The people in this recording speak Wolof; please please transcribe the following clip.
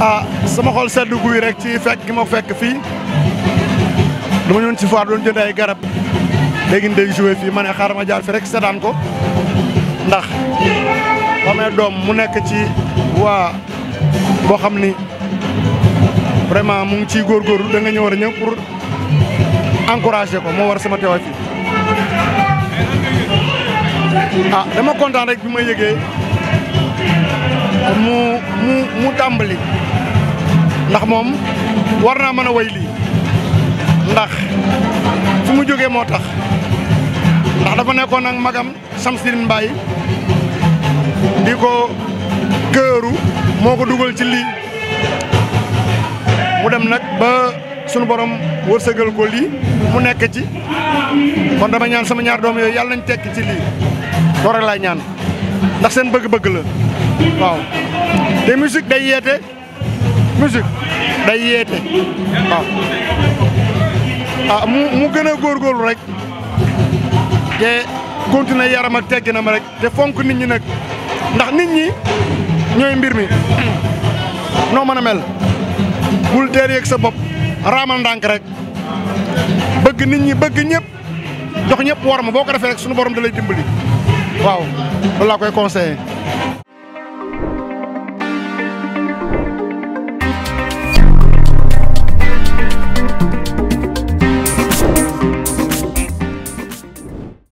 a ah, sama xol sedd guy rek ci fekk gi ma fekk fii dama ñëwoon ci foire doon jënd ay garab léegi day joué fii ma ne xaaral ma jaar fi rek seddaan ko ndax xamee doom mu nekk ci waa boo xam ni vraiment mu ngi ciy góorgóorlu da nga ñëw war a ñëw pour encourager ko moo war sama teewaay fii ah dama kontaan rek bi ma yëgee mu mu mu tàmbali ndax mom warna mana way li ndax fu mu jógee motax ndax dafa nekkon ak magam Samsir Mbaye Diko ko këru moo ko ci li mu dem nak ba sunu borom wërsëgal ko li mu nekk ci kon dama ñaan sama ñaar doom yoy yalla nañ tek ci li dore la ñaan ndax seen bëgg-bëgg la waaw te musique day yeete musique day ah, mu mu gën a góorgóorlu rek te continuer yaram ak tegginam rek te fonk nit ñi nag ndax nit ñi ñooy mbir mi noo mën a mel bul teer yeeg sa bopp raamal ndànk rek bëgg nit ñi bëgg ñëpp jox ñëpp war ma boo ko defee rek sunu borom da lay dimbali waaw loolu laa koy conseillé